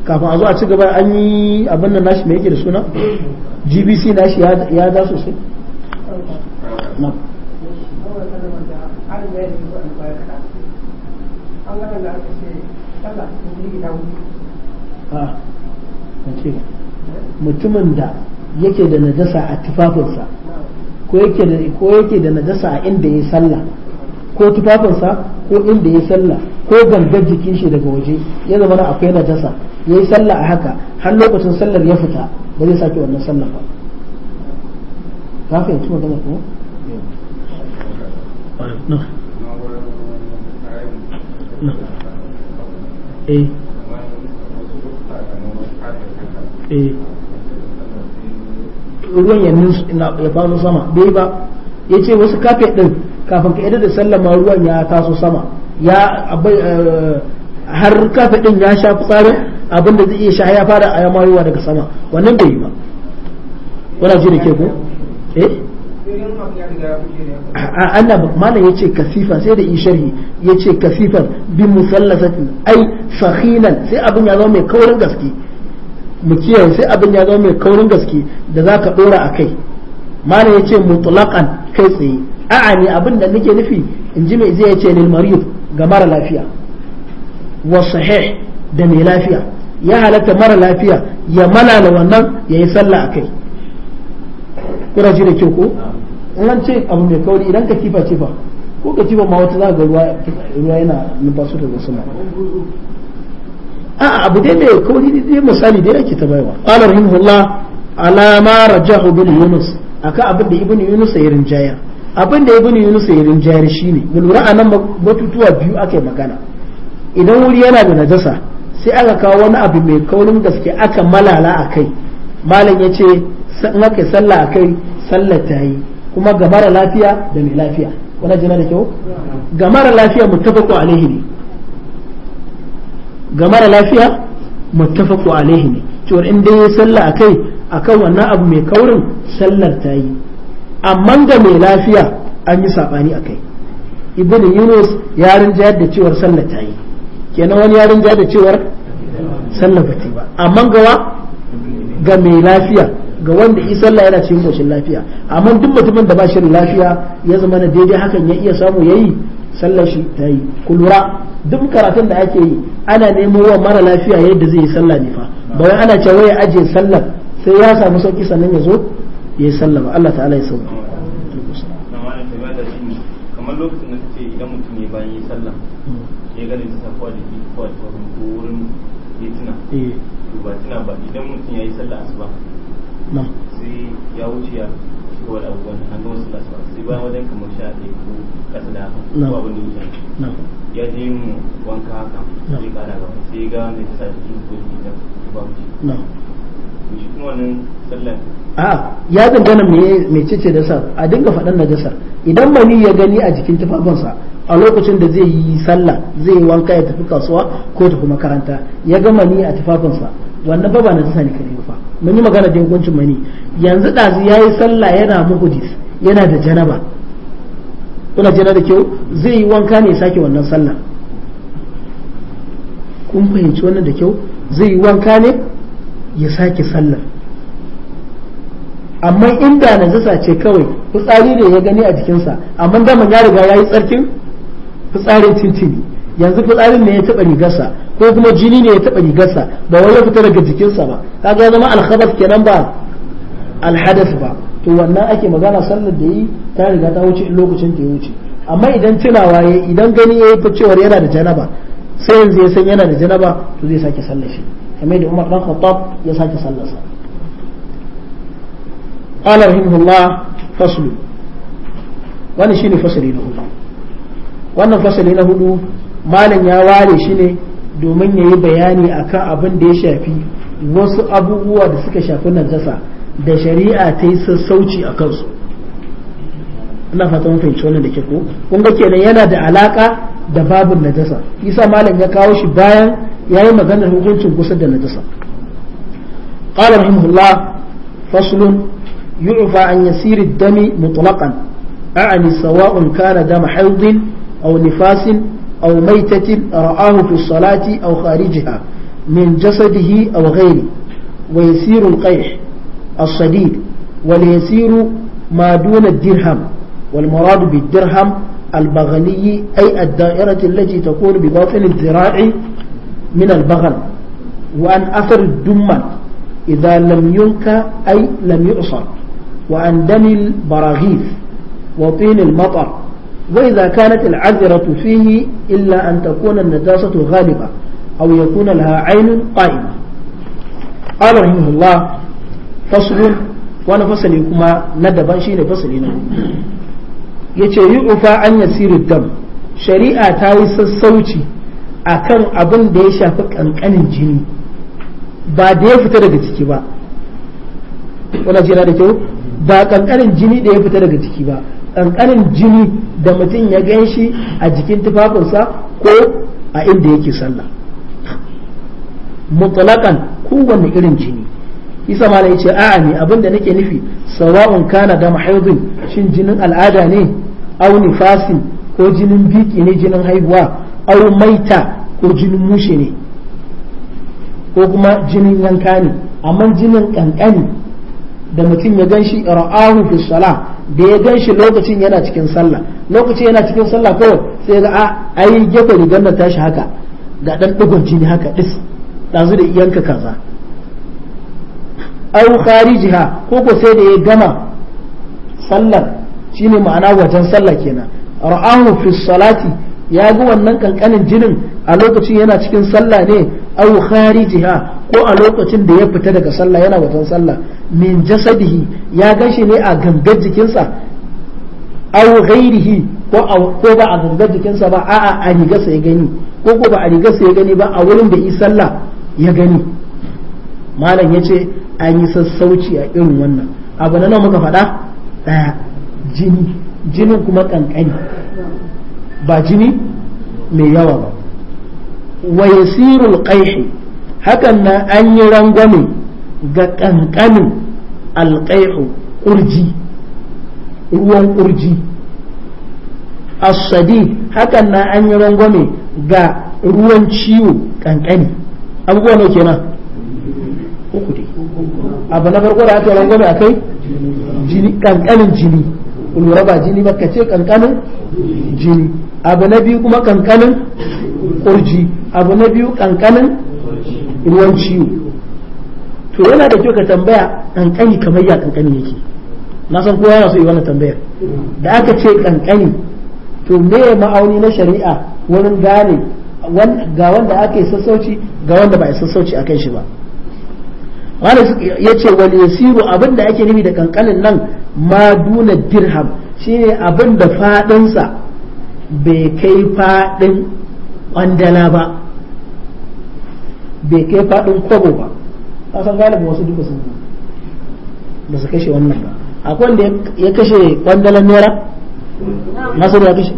kafin a zo a ci gaba an yi abin nan nashi mai yake da suna gbc na shi ya za sosai ah, mutumin da yake da najasa a tufafinsa ko yake da najasa a inda ya sallah ko tufafinsa ko inda ya sallah ko gangar jikin shi daga waje ya zama akwai najasa ya yi sallah a haka har lokacin sallar ya fita ba zai sake wannan sallar ba ka fahimci magana ko eh. ruwan ya fano sama bai ba ya ce wasu kafe ɗin kafin ka yadda da sallama ruwan ya taso sama ya eh, har kafa din ya sha fitsarin abinda zai iya sha ya fara a yamayowa daga sama wannan bai yi ba wana ji da ke ko eh Allah malam ya ce kasifa sai da in sharhi ya ce kasifan bi musallasatin ai sahinan sai abin ya zama mai kaurin gaske mu kiyaye sai abin ya zama mai kaurin gaske da za ka dora a kai malam ya ce mutlaqan kai tsaye a'a ne abin da nake nufi in ji mai zai ce lil mariyud ga mara lafiya wa sahih da mai lafiya ya halatta mara lafiya ya malala wannan ya yi sallah a kai kuna ji da kyau ko in ce abu mai kauri idan ka kifa ce fa ko ka kifa ma wata za ga ruwa yana numfasu da sama a abu dai mai kauri ne dai misali dai ake ta baiwa qala rahimahullah ala ma rajahu bil yunus aka abin da ibnu yunus ya rinjaya abin da ibn yunus ya rinjayar shine mu lura anan batutuwa biyu ake magana idan wuri yana da najasa sai aka kawo wani abu mai kaurin gaske aka malala a kai malam ya ce in aka sallah a kai sallar ta yi kuma ga mara lafiya da mai lafiya wani jina da kyau ga mara lafiya muttafaqu alaihi ne ga mara lafiya muttafaqu alaihi ne cewar in dai sallah a kai akan wannan abu mai kaurin sallar ta yi amma ga mai lafiya an yi sabani a kai ibn yunus ya rinja yadda cewar sallah ta yi kenan wani ya rinja da cewar sallah ba ta ba amma gawa ga mai lafiya ga wanda yi sallah yana cikin koshin lafiya amma duk mutumin da ba shi da lafiya ya zama na daidai hakan ya iya samu ya yi sallah shi ta yi ku lura duk karatun da ake yi ana nemo wa mara lafiya yadda zai yi sallah ne fa ba ana cewa ya ajiye sallah sai ya samu sauki sannan ya zo ya sallama Allah ta'ala ya sauke kamar lokacin da kace idan mutum ya bayan ya sallah ya gane ta safuwa da ke kuwa ta wurin ya tuna eh. to ba tuna ba idan mutum ya yi sallah asuba sai ya wuce ya shigowar abubuwan an gama sallah asuba sai bayan wajen kamar sha ɗaya ko kasa da haka ko abin da wuce ya je mu wanka haka sai ya ƙara gaba sai ya ga mai ta sa jikin ko jikin ba wuce a ah, ya dangana mai cece da sa a dinga faɗan najasar idan mani ya gani a jikin tufafinsa a lokacin da zai yi sallah zai yi wanka ya tafi kasuwa ko ya tafi makaranta ya ga mani a tufafinsa wannan ba na jisa ne kadai fa mun yi magana da yankuncin mani yanzu ɗazu ya yi sallah yana muhudis yana da janaba kuna jana da kyau zai yi wanka ne sake wannan sallah kun fahimci wannan da kyau zai yi wanka ne ya sake sallar amma inda zasa ce kawai fitsari ne ya gani a jikinsa amma daman ya riga ya yi tsarkin fitsarin tintini yanzu fitsarin ne ya taɓa rigarsa ko kuma jini ne ya taɓa rigarsa ba wani ya fita daga jikinsa ba kaga ya zama alkhabas kenan ba alhadas ba to wannan ake magana sallar da yi ta riga ta wuce lokacin da ya wuce amma idan tunawa ya idan gani ya yi cewar yana da janaba sai yanzu ya san yana da janaba to zai sake sallar shi kamar da Umar dan Khattab ya sake sallarsa faslu wani shine fasali na hudu wannan fasali na hudu malam ya ware shi ne domin ya yi bayani akan abin da ya shafi wasu abubuwa da suka shafi najasa da shari'a ta yi sassauci a kansu ina fata mun fahimci wannan da ke ko kun ga kenan yana da alaka da babun najasa isa malam ya kawo shi bayan يوم maganar hukuncin بسد النجسة قال رحمه الله فصل يعفى عن يسير الدم مطلقا أعني سواء كان دم حيض أو نفاس أو ميتة رآه في الصلاة أو خارجها من جسده أو غيره ويسير القيح الصديد وليسير ما دون الدرهم والمراد بالدرهم البغلي أي الدائرة التي تكون بباطن الذراع من البغل وعن أثر الدمة إذا لم ينكى أي لم يعصر وعن دم البراغيث وطين المطر وإذا كانت العذرة فيه إلا أن تكون النجاسة غالبة أو يكون لها عين قائمة قال رحمه الله فصل وأنا فصلي كما ندبا شيء فصلي يتشريع عن يسير الدم شريعة تاوي سوتي akan abin da ya shafi kankanin jini ba da ya fita daga ciki ba wala jira da kyau ba kankanin jini da ya fita daga ciki ba kankanin jini da mutum ya gan shi a jikin tufafinsa ko a inda yake sallah mutlaqan kowanne irin jini isa ma ce a'a ne abin da nake nufi sawa'un kana da mahaifin shin jinin al'ada ne auni nifasi ko jinin biki ne jinin haihuwa au maita ko jinin mushe ne ko kuma jinin yanka ne amma jinin kankani da mutum ya gan shi ra'ahu fi sala da ya gan shi lokacin yana cikin sallah lokacin yana cikin sallah kawai sai ga a ayi gefe rigar nan tashi haka ga dan digon jini haka dis dazu da yanka kaza au kharijha ko ko sai da ya gama sallar shine ma'ana wajen sallah kenan ra'ahu fi salati ya ga wannan kankanin jinin a lokacin yana cikin sallah ne aw kharijiha ko a lokacin da ya fita daga sallah yana wajen sallah min jasadihi ya gashi ne a gangar jikinsa aw ghairihi ko ko ba a gangar jikinsa ba a'a a riga ya gani ko ko ba a rigarsa ya gani ba a wurin da yi sallah ya gani malam yace an yi sassauci a irin wannan abu na nawa muka faɗa ɗaya jini jinin kuma kankani ba jini mai yawa ba wa yasirul qaihi hakan nan an yi rangwame ga kankanin alqaihu urji ruwan urji asadi hakan nan an yi rangwame ga ruwan ciwo kankani abubuwa ne kenan uku dai abu na farko da aka rangwame akai jini kankanin jini lura ba jini ba ka ce kankanin jini abu na biyu kuma kankanin kurji abu na biyu kankanin ruwan ciwo to yana da kyau ka tambaya kankani kamar ya kankani yake na san kowa yana so yi wannan tambayar da aka ce kankani to me ma'auni na shari'a wurin gane ga wanda aka yi sassauci ga wanda ba a sassauci a kan shi ba wani ya ce wani yasiru abin da ake nufi da kankanin nan ma duna dirham shine abin da faɗinsa bai kai fadin kwandala ba bai kai fadin kwabo ba a san galibin wasu duka sun ba su kashe wannan ba akwai wanda ya kashe ƙwandalan naira nasaru ya kashe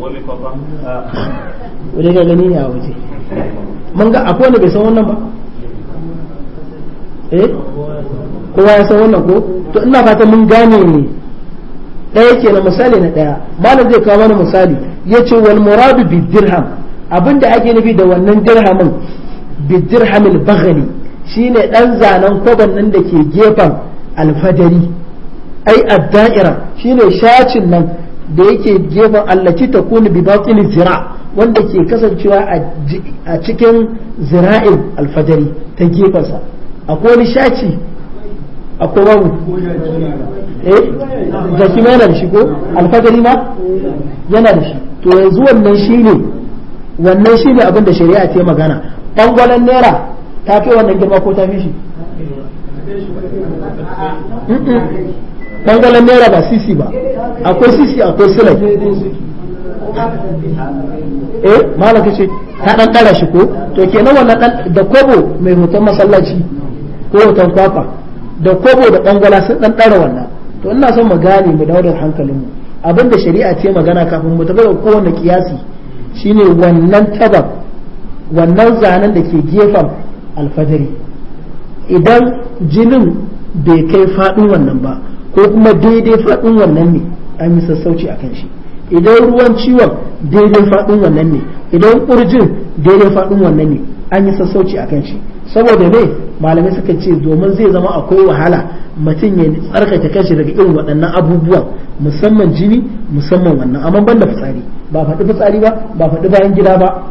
wani kwafa ka gani ne a waje mun ga akwai wanda bai san wannan ba eh kowa ya san wannan ko to ina fata mun gane ne ɗaya na misali na ɗaya malam zai kawo mana misali ce, wal muradu bi dirham Abin da ake nufi da wannan dirhamin bi dirhamil baghali shine dan zanen kwaban nan da ke gefen alfadari ai ad-da'ira shine shacin nan da yake gefen allati takunu bi batil zira wanda ke kasancewa a cikin zira'in alfadari ta gefensa akwai wani shaci akwai babu eh jaki ma yana da shi ko alfagari ma yana da shi to yanzu wannan shi ne wannan shi ne abin da shari'a ta magana ɓangwalen naira ta kai wannan girma ko ta fi shi ɓangwalen naira ba sisi ba akwai sisi akwai silai eh malaka ce ta ɗan ɗara shi ko to kenan wannan da kobo mai hoton masallaci ko hoton kwakwa da kobo da bangwala sun dan dara wannan to ina son mu gane mu dawo da hankalinmu abinda shari'a ce magana kafin mu tabbata da kowane kiyasi shine wannan tabab wannan zanen da ke gefen alfajiri idan jinin bai kai faɗin wannan ba ko kuma daidai faɗin wannan ne an yi sassauci a kan shi idan ruwan ciwon daidai faɗin wannan ne idan ƙurjin daidai faɗin wannan ne an yi sassauci a kan shi saboda ne malamai suka ce domin zai zama akwai wahala mutum ya tsarkake kanshi daga irin waɗannan abubuwa musamman jini musamman wannan amma ban da fitsari ba faɗi fitsari ba ba faɗi bayan gida ba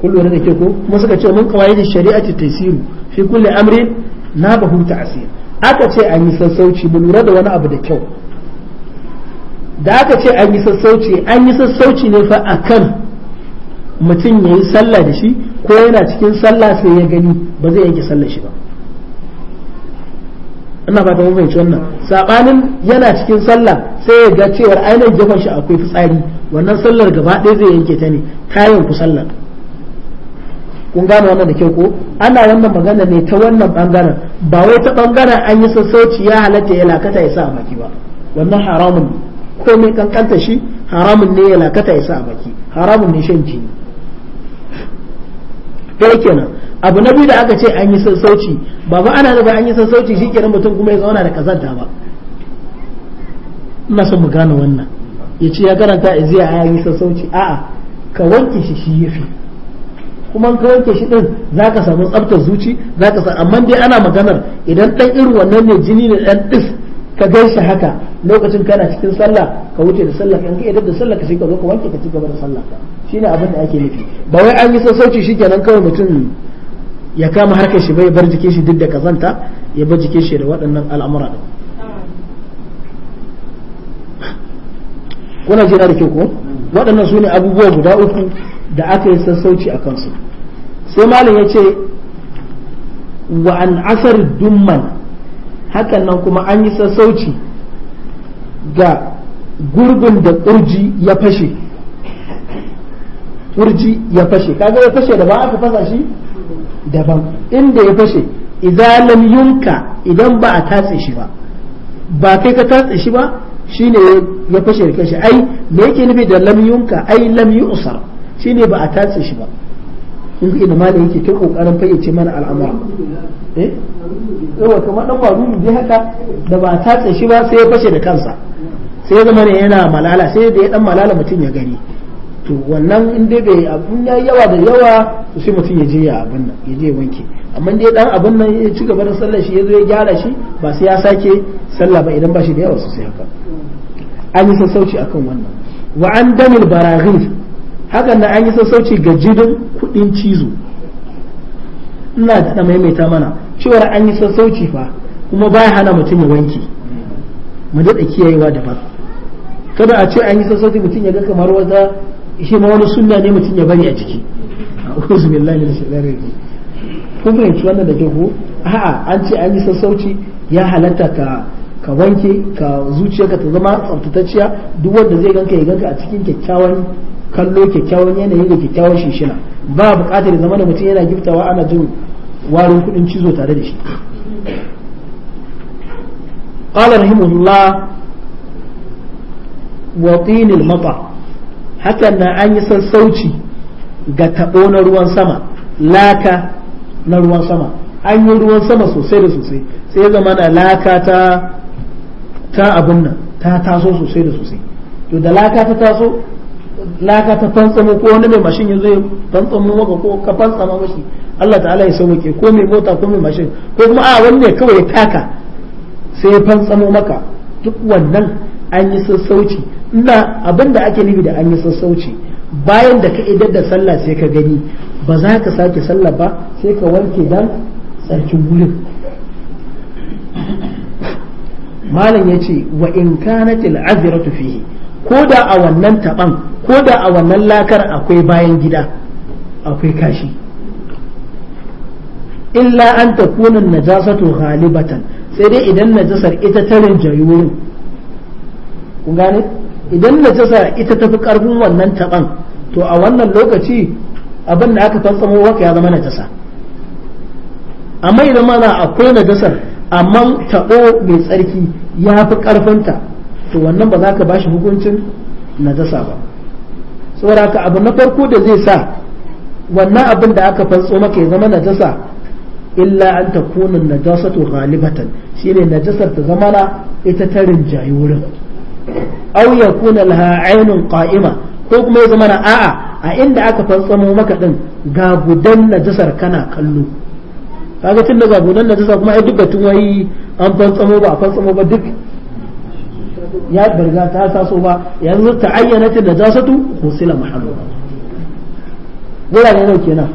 kullum da ke ko kuma suka ce mun kawai da ta tasiru fi kulli amrin na bahu ta'sir aka ce an yi sassauci mu lura da wani abu da kyau da aka ce an yi sassauci an yi sassauci ne fa akan mutum ya yi sallah da shi ko yana cikin sallah sai ya gani ba zai yanke sallar shi ba ina fata mun fahimci wannan sabanin yana cikin sallah sai ya ga cewar ainihin gefen shi akwai fitsari wannan sallar gaba ɗaya zai yanke ta ne kayan ku sallar kun gane wannan da kyau ko ana wannan magana ne ta wannan bangaren ba wai ta bangaren an yi sassauci ya halatta ya lakata ya sa a baki ba wannan haramun komai kankanta shi haramun ne ya lakata ya sa a baki haramun ne shan jini ɗaya kenan abu na biyu da aka ce an yi sassauci ba ba ana nufin an yi sassauci shi kenan mutum kuma ya zauna da kazanta ba ina son mu gane wannan ya ce ya karanta ziya ya yi sassauci a'a ka wanke shi shi yafi kuma ka wanke shi din ka samu tsaftar zuci za ka san amma dai ana maganar idan ɗan irin wannan ne jini ne ɗan ɗis ka gan shi haka lokacin kana cikin sallah ka wuce da sallah kan ka da sallah ka sai ka zo ka wanke ka ci gaba da sallah shine abin da ake nufi ba wai an yi sassauci shikenan kawai mutum ya kama harkar shi bai bar jikin shi duk da kazanta ya bar jikin shi da waɗannan al'amura din kuna jira da kyau ko waɗannan su ne abubuwa guda uku da aka yi sassauci a kansu sai malam ya ce wa an asar dumman hakan nan kuma an yi sassauci ga gurbin da ƙurji ya fashe ƙurji ya fashe kaga ya fashe daban aka fasa shi daban inda ya fashe idan lam yunka idan ba a tatse shi ba ba kai ka tatse shi ba shine ya fashe da kanshi ai me yake nufi da lam yunka ai lam yusar shine ba a tatse shi ba kun ina ma da yake ta kokarin fayyace mana al'amura eh yawa kamar dan baruru haka da ba a tatse shi ba sai ya fashe da kansa sai zama ne yana malala sai da ya dan malala mutum ya gani to wannan in dai bai abun ya yawa da yawa to sai mutum ya je ya abin nan ya je wanke amma dai dan abin nan ya ci gaba da sallar shi ya zo ya gyara shi ba sai ya sake sallah ba idan ba shi da yawa sosai haka an yi sassauci akan wannan wa an damil baraghif hakan nan an yi sassauci ga jidin kudin cizo ina da maimaita mana cewar an yi sassauci fa kuma baya hana mutum ya wanke mu daɗa kiyayewa daban kada a ce an yi sassauci mutum ya ga kamar wata shi ma wani sunna ne mutum ya bari a ciki a'udhu billahi minash shaitanir rajim kun fahimci wannan da ke ko a'a an ce an yi sassauci ya halatta ka ka wanke ka zuciyarka ta zama tsaftatacciya duk wanda zai ganka ya ganka a cikin kyakkyawan kallo kyakkyawan yanayi da kyakkyawan shishina ba buƙatar zama da mutum yana giftawa ana jin warin kuɗin cizo tare da shi قال رحمه الله wa mata hakan na an yi sassauci ga tabo na ruwan sama laka na ruwan sama an yi ruwan sama sosai da sosai sai ya zama na laka ta ta abun nan ta taso sosai da sosai to da laka ta taso laka ta fantsamo ko wani mai mashin yanzu ya fantsamo maka ko ka fantsama mashi Allah ta'ala ya sauke ko mai mota ko mai mashin ko kuma a wanne kawai kawai taka sai ya fantsamo maka duk wannan an yi sassauci ina abin da ake nufi da an yi sassauci bayan da ka idar da sallah sai ka gani ba za ka sake sallah ba sai ka wanke dan tsarkin wurin malam ya ce wa in kanat al'aziratu fihi ko da a wannan taban ko da a wannan lakar akwai bayan gida akwai kashi illa an takuna najasatu ghalibatan sai dai idan najasar ita tarin rinjayi kun gane idan najasa ita tafi karfin wannan taban to a wannan lokaci abin da aka tantsamo maka ya zama najasa amma idan ma za akwai najasar amma tabo mai tsarki ya fi karfinta to wannan ba za ka bashi hukuncin najasa ba saboda haka abu na farko da zai sa wannan abin da aka fantso maka ya zama najasa illa an ta kunin najasatu ghalibatan shine najasar ta zama na ita ta rinjayi wurin aw yakuna laha aynun qa'ima ko kuma ya zama na a'a a inda aka fantsamo maka din ga gudan najasar kana kallo kaga tunda ga gudan najasa kuma ai duka tun wai an fantsamo ba a fantsamo ba duk ya barga ta taso ba yanzu ta ayyana ta najasatu husila mahallu gurare nau kenan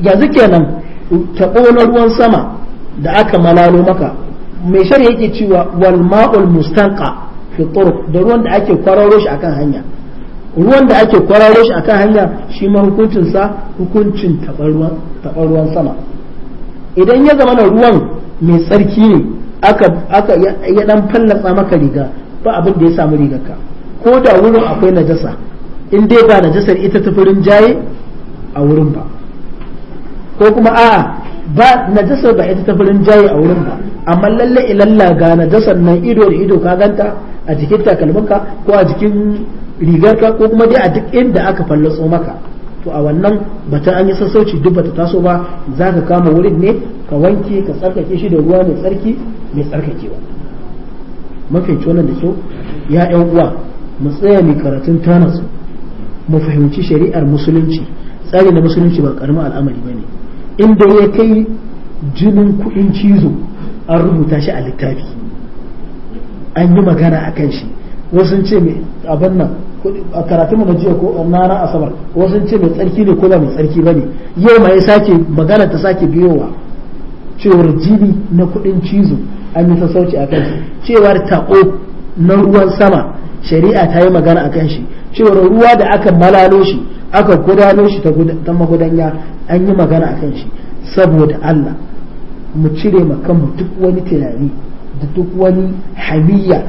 yanzu kenan taɓo na ruwan sama da aka malalo maka mai shari'a yake cewa wal ma'ul mustanqa fi turuq da ruwan da ake kwararo shi akan hanya ruwan da ake kwararo shi akan hanya shi ma hukuncin sa hukuncin taɓar ruwan sama idan ya zama na ruwan mai tsarki ne aka aka ya dan fallatsa maka riga ba abin da ya samu rigarka ko da wurin akwai najasa in dai ba najasar ita ta furin jaye a wurin ba ko kuma a'a ba najasar ba ita ta farin jayi a wurin ba amma lalle ilalla ga najasar nan ido da ido ka ganta a jikin takalminka ko a jikin rigarka ko kuma dai a duk inda aka fallaso maka to a wannan bata an yi sassauci duk bata taso ba za ka kama wurin ne ka wanke ka tsarkake shi da ruwa mai tsarki mai tsarkakewa mafi wannan da kyau ya yan uwa mu tsaya mai karatun tanasu mu fahimci shari'ar musulunci tsari na musulunci ba karamin al'amari ba ne inda ya kai jinin kuɗin cizo an rubuta shi a littafi an yi magana a kan shi wasu ce mai abin nan a karatun mu jiya ko na ran asabar wasu ce mai tsarki ne ko ba mai tsarki ba ne yau ma ya sake magana ta sake biyowa cewar jini na kuɗin cizo an yi sassauci a kan shi cewar tako na ruwan sama shari'a ta yi magana a kan shi cewar ruwa da aka malalo shi aka gudanar shi ta magudanya an yi magana a kan shi saboda Allah mu cire kanmu duk wani tunani da duk wani hamiya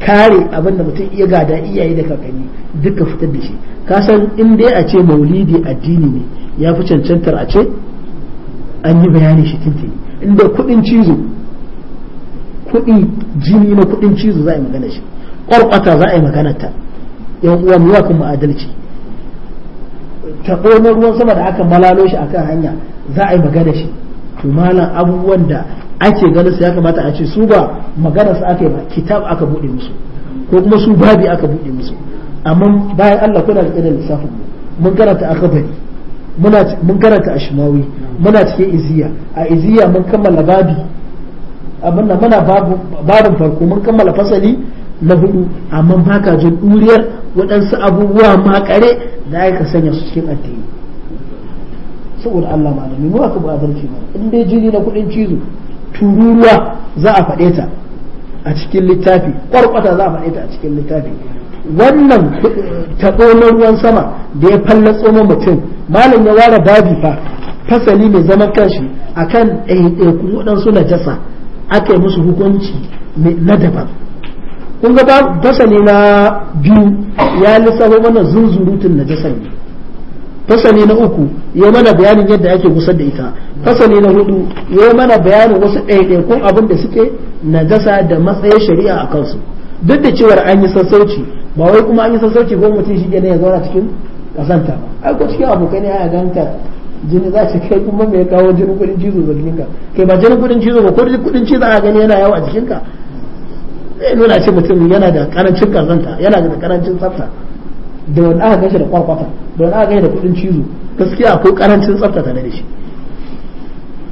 kare abinda mutum iya gada iyaye da kakanni duka fitar da shi kasan in dai a ce maulidi addini ne ya fi cancantar a ce an yi bayani shi tintini inda kudin cizo kudi jini na kudin cizo za a yi magana shi ƙwarƙwata za a yi maganarta yan uwa mu yi wa adalci ta na ruwan sama da aka malalo shi akan hanya za a yi magana shi to malam abubuwan da ake ganin su ya kamata a ce su ba magana su aka yi ba kitab aka buɗe musu ko kuma su babi aka buɗe musu amma bayan Allah kuna da irin lissafin mun karanta aka bari mun karanta a shimawi muna cikin iziya a iziya mun kammala babi abin nan muna babin farko mun kammala fasali na hudu amma baka jin ɗuriyar. waɗansu abubuwa makare da ya ka sanya su cikin addini saboda Allah da nemo aka ba zarci ba in dai jini na kuɗin cizo tururuwa za a faɗe ta a cikin littafi ƙwarƙwata za a faɗe ta a cikin littafi wannan taɓo ruwan sama da ya fallatso na mutum malam ya ware babi fa fasali mai zaman kanshi akan ɗaiɗaikun waɗansu najasa aka yi musu hukunci na daban kun ga ba fasali na biyu ya lissafo mana zunzurutun najasa ne fasali na uku ya mana bayanin yadda ake gusar da ita fasali na hudu ya mana bayanin wasu ko abin da suke najasa da matsayin shari'a a kansu duk da cewar an yi sassauci ba wai kuma an yi sassauci ko mutum shi ne ya zauna cikin kasanta ba ai ko cikin abokai ne ya ganta jini za su kai kuma mai kawo jinin kudin cizo ba ka kai ba kudin cizo ba ko kudin cizo a gani yana yawa a jikinka zai nuna ce mutum yana da karancin kazanta yana da karancin tsafta da wani aka gashi da kwakwata da wani aka gashi da kudin cizo gaskiya akwai karancin tsafta tare da shi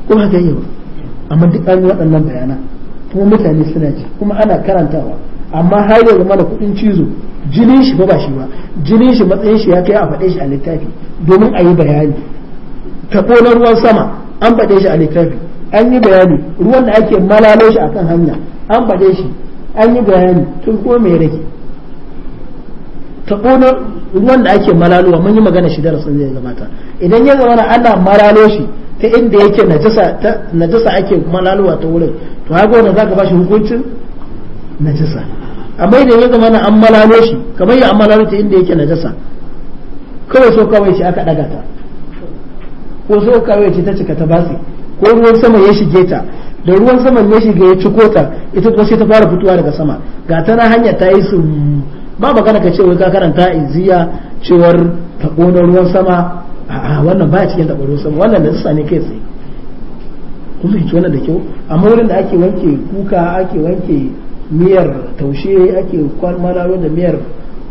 kuma haka yi amma duk an yi waɗannan bayanan kuma mutane suna ji kuma ana karantawa amma har yanzu mana kuɗin cizo jinin shi ba shi ba jinin shi matsayin shi ya kai a faɗe shi a littafi domin a yi bayani Ta na ruwan sama an faɗe shi a littafi an yi bayani ruwan da ake malalo shi akan hanya an faɗe shi an yi bayani tun ko mai rage ta ƙona ruwan da ake malaluwa mun yi magana shi darasin zai gabata idan ya zama ana malalo shi ta inda yake najasa ake malaluwa ta wurin to haka wanda za ka ba shi hukuncin najasa amma idan ya zama an malalo shi kamar ya an malalo ta inda yake najasa kawai so kawai ce aka ɗaga ta ko so kawai ce ta cika ta basi ko ruwan sama ya shige ta da ruwan saman ne shiga ya ciko ta ita kuma sai ta fara fitowa daga sama ga ta na hanya ta yi su ba magana ka ce wai ka karanta iziya cewar tabo na ruwan sama a wannan baya cikin tabo ruwan sama wannan da ne kai tsaye kun fahimci wannan da kyau amma wurin da ake wanke kuka ake wanke miyar taushe ake kwarmarawa da miyar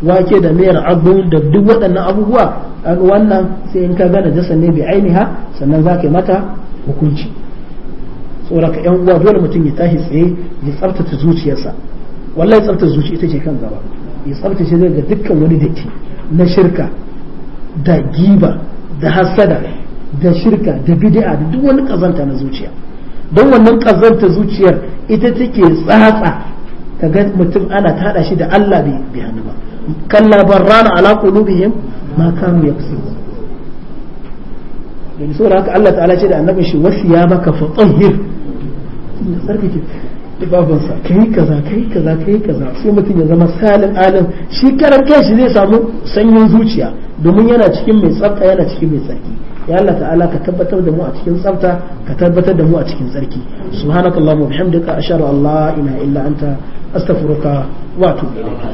wake da miyar abu da duk waɗannan abubuwa wannan sai in ka gane jasa ne bai ainiha sannan za ka yi mata hukunci tsoraka yan uwa dole mutum ya tashi tsaye ya tsabtace zuciyarsa wallahi tsabtace zuciya ita ce kan gaba ya tsabtace daga dukkan wani datti na shirka da giba da hasada da shirka da bid'a da duk wani kazanta na zuciya don wannan kazanta zuciyar ita take tsatsa ga mutum ana tada shi da Allah bai hannu ba kalla barrana ala qulubihim ma kanu yaksubun yanzu saboda haka Allah ta'ala ce da annabin shi wasu ya fa fatahir ya tsarkake babansa yi kaza yi kaza yi kaza sai mutum ya zama salin alim shi karan kanshi zai samu sanyin zuciya domin yana cikin mai tsafta yana cikin mai tsarki ya Allah ta'ala ka tabbatar da mu a cikin tsafta ka tabbatar da mu a cikin tsarki subhanakallahumma bihamdika ashhadu allah ina ilaha illa anta astaghfiruka wa atubu